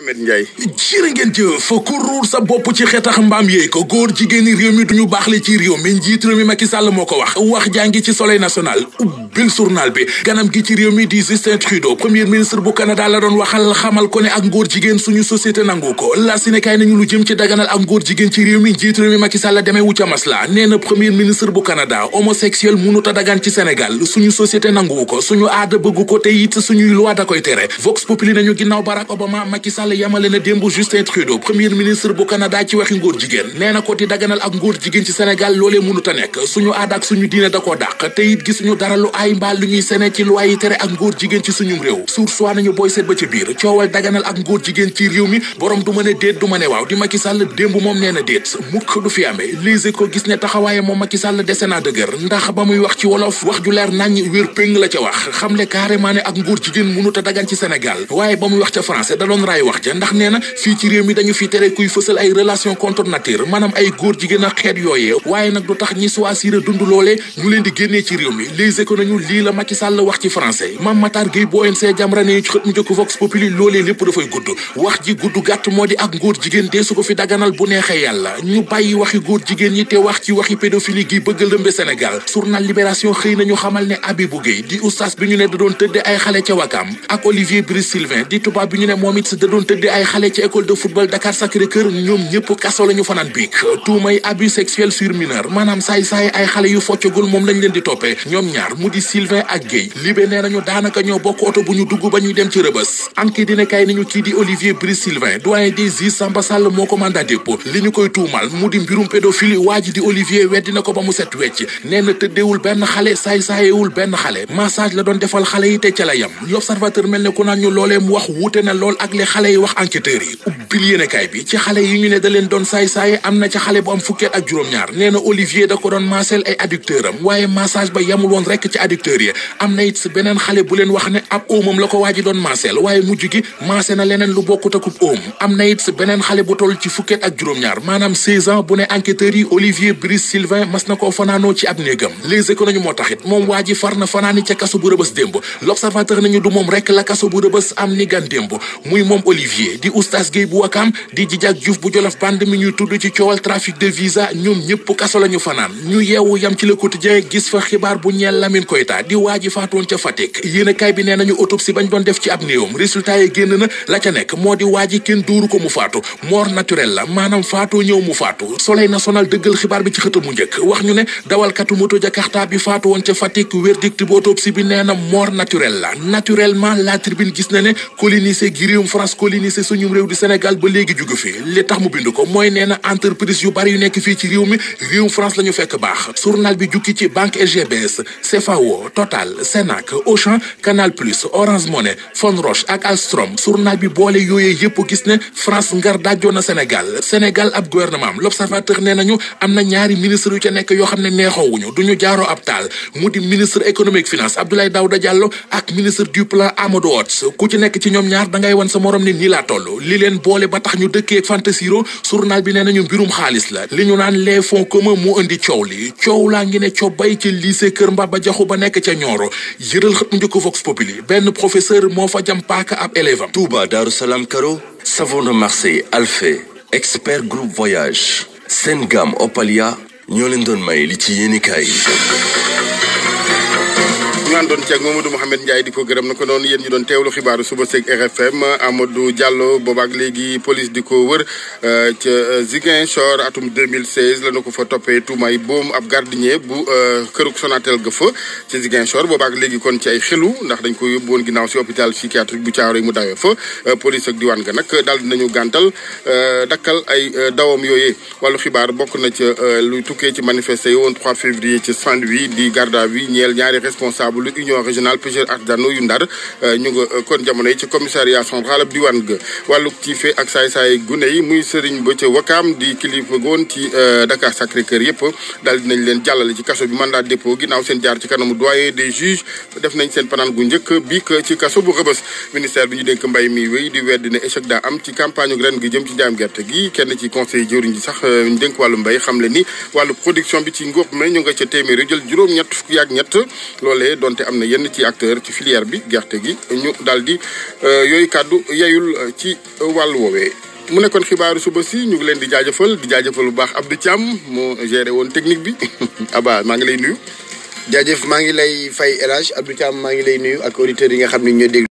Ahmed Ndiaye jërë ngeen jëf ku ruur sa bopp ci xetax mbaam yéey ko góor jigéeni réew mi duñu baax ci réew mi njiit réew mi moo ko wax wax jaa ci soleil nangu ko la sinekaay nañu lu jëm ci daganal ak ngóor jigéen ci réew mi njiit réew mi Macky Sall demee wu ca premier ministre bu Canada homosexuel munut a dagan ci Sénégal suñu société nangu ko suñu aada bëgg ko te it suñuy loi da koy tere Vox Populi nañu ginnaaw Barack Obama Macky Sall yamale na démb Justin Trudeau premier ministre bu Canada ci waxi ngóor jigéen nee ko di daganal ak ngóor jigéen ci Sénégal loolee mënut nekk suñu aada suñu diine da koo dàq te gisuñu dara lu ay mbaa lu ñuy sene ci loi yi tere ak ngóor jigéen ci suñu réew sursoi nañu booy seet ba ci biir coowal daganal ak ngóor jigéen ci réew mi borom du ma ne déet du ma ne waaw di Macky Sall démb moom nee déet mukk du fi amee lise ko gis ne taxawaaye moom Macky Sall dese naa dëgër ndax ba muy wax ci wolof wax ju leer nañ la ca xam le a dagan ci Sénégal waaye da doon raay wax ja ndax nee na fii ci réew mi dañu fi tere kuy fësal ay relation contre nature maanaam ay góor jigéen ak xeet yooyee waaye nag du tax ñi choisir dund loolee ñu leen di génnee ci réew mi Les Échos nañu lii la Macky Sall wax ci français Mame Matar Gueye bu ONG Jamra ne xët mu njëkk Vox Populi loolee lépp dafay gudd wax ji gudd gàtt moo di ak góor jigéen dee su ko fi daganal bu neexee yàlla ñu bàyyi waxi góor jigéen ñi te wax ci waxi pédophilie gi bëgg doon tëddee ay xale ci école de football Dakar Sacré-Cœur ñoom ñëpp kaso la fanaan biig tuumay abus sexuel sur mineur saay-saay ay xale yu foccagul moom lañ leen di toppee ñoom ñaar mu di Sylvain ak Guèye libé nee nañu daanaka ñoo bokk oto bu ñu dugg ba ñuy dem ci rëbës enquête dina kay nañu kii di Olivier Brice Sylvain doyen des juges Samba Sall moo ko mandat dépôt li ñu koy tuumal mu di mbirum pédophile waa ji di Olivier nay wax enquêteurs yi ubbil yéenekaay bi ci xale yi ñu ne da leen doon saay-saay am na ci xale bu am fukkeet ak juróom-ñaar nee na Olivier da ko am waaye massage mujj gi maase na leneen lu bokkut akub óom am na it si beneen xale bu toll ci fukkeet ak juróom-ñaar maanaam 16 ans bu ne enquêteurs yi Olivier Brice Sylvain mas na koo fanaanoo ci ab néegam Les Échos moo taxit moom waa ji far na fanaani ca kaso bu rëbës démb l'observateur nañu du moom rekk la kaso bu rëbës am ni gan démb muy moom Olivier di oustaz Guèye bu Wakam di Djidiack Diouf bu Jolof Band mi ñuy tudd ci coowal trafic de visa ñoom ñëpp kaso la ñu fanaan ñu yeewu yam ci Le Quotidien gis fa xibaar bu ñeel Lamine Koyta di waa faatoon ca Fatick yéenekaay bi nee nañu autopsie bañ doon def ci ab néewam résultat yi génn na la ca nekk moo di waa ji kenn dóoru ko mu faatu mort naturelle la maanaam faatoo ñëw mu faatu Soleil national dëggal xibaar bi ci xëta mu njëkk wax ñu ne dawalkatu moto coloniser suñum réew di Sénégal ba léegi jugu fi li tax mu bind ko mooy nee na entreprise yu bari yu nekk fii ci réew mi réew France la ñu fekk baax journal bi jukki ci banque SGBS CFAO Total Senac Auchan Canal Plus Orange Money Fon Roche ak Alstrom journal bi boole yooyee yëpp gis ne France ngar dajjoon na Sénégal Sénégal ab gouvernement am l'observateur nee am na ñaari ministre yu ca nekk yoo xam ne neexoowuñu duñu jaaroo ab taal mu di ministre économique finance Abdoulaye Daouda Diallo ak ministre du plan Amadou Hott ku ci nekk ci lii laa toll lii leen boole ba tax ñu dëkkee fantasiro journal bi nee nañu mbirum xaalis la li ñu naan les fonds communs indi coow li coow laa ngi ne cobbay ci lycée Kër Mbaba Jaxu ba nekk ca ñooro yëral xët mu njëkk Vox Populi benn professeur moo fa jam paaka ab élève am Touba Darou Salam Karo Savon de Marseille Alphé Expert Groupe Voyage Sengam Opalia ñoo leen doon may li ci yéenikaay yi àndoon ceeg Mamadou Mohamed Ndiaye diko ko gërëm na ko noonu ñu doon teewlu xibaaru suba seeg RFM Amadou Diallo bobak léegi police diko wër euh, ci euh, Ziguin Chor atum 2016 la na fa topé tout may boom ab gardien bu euh, këruk Sonatel ga ci Ziguin Chor bobak léegi kon ci ay xelu ndax dañ ko yóbbu woon ci hôpital psychiatrique bu Thiaroye mu dawee fa police ak diwaan ga nak dal dinañu gantal dakkal ay dawam yoyé walu xibaar bokk na ci lu tukkee ci manifester yi 3 février ci saint di garda bi ñeel ñaari responsable njiitalu union régionale pêcheurs artisanaux yu ndar euh, ñu nga euh, kon jamono yi ci commissariat central ab diwaan ga wàllu tiife ak saay-saay gune yi muy sëriñ ba ca wakaam di kilifa ci euh, Dakar Sacré Cœur yëpp daal nañ leen jàllale ci kaso bi mandat dépôt ginnaaw seen jaar ci kanamu doyen des juges def nañ seen panaan gu njëkk bi ci kaso bu rëbës ministère bi ñu dénk mbay mi wéy di weddi ne échec daa am ci campagne ren gi jëm ci njaam gerte gi kenn ci conseil jëriñ ji sax ñu dénk wàllu mbay xam le ni wàllu production bi ci ngóob ma ñu nga ca téeméer yu jël juróom-ñett fukki ak am na yenn ci acteur ci filière bi gerte gi ñu daal di euh, yooyu kàddu yeyul euh, ci wàllu woowee. mu nekkoon xibaaru suba si ñu ngi leen di jaajëfal di jaajëfal bu baax Abdou Thiam moo géré woon technique bi Aba maa ngi lay nuyu. jaajëf maa ngi lay fay El Hadj Abdou maa ngi lay nuyu ak auditeurs yi nga xam ne ñu déglu.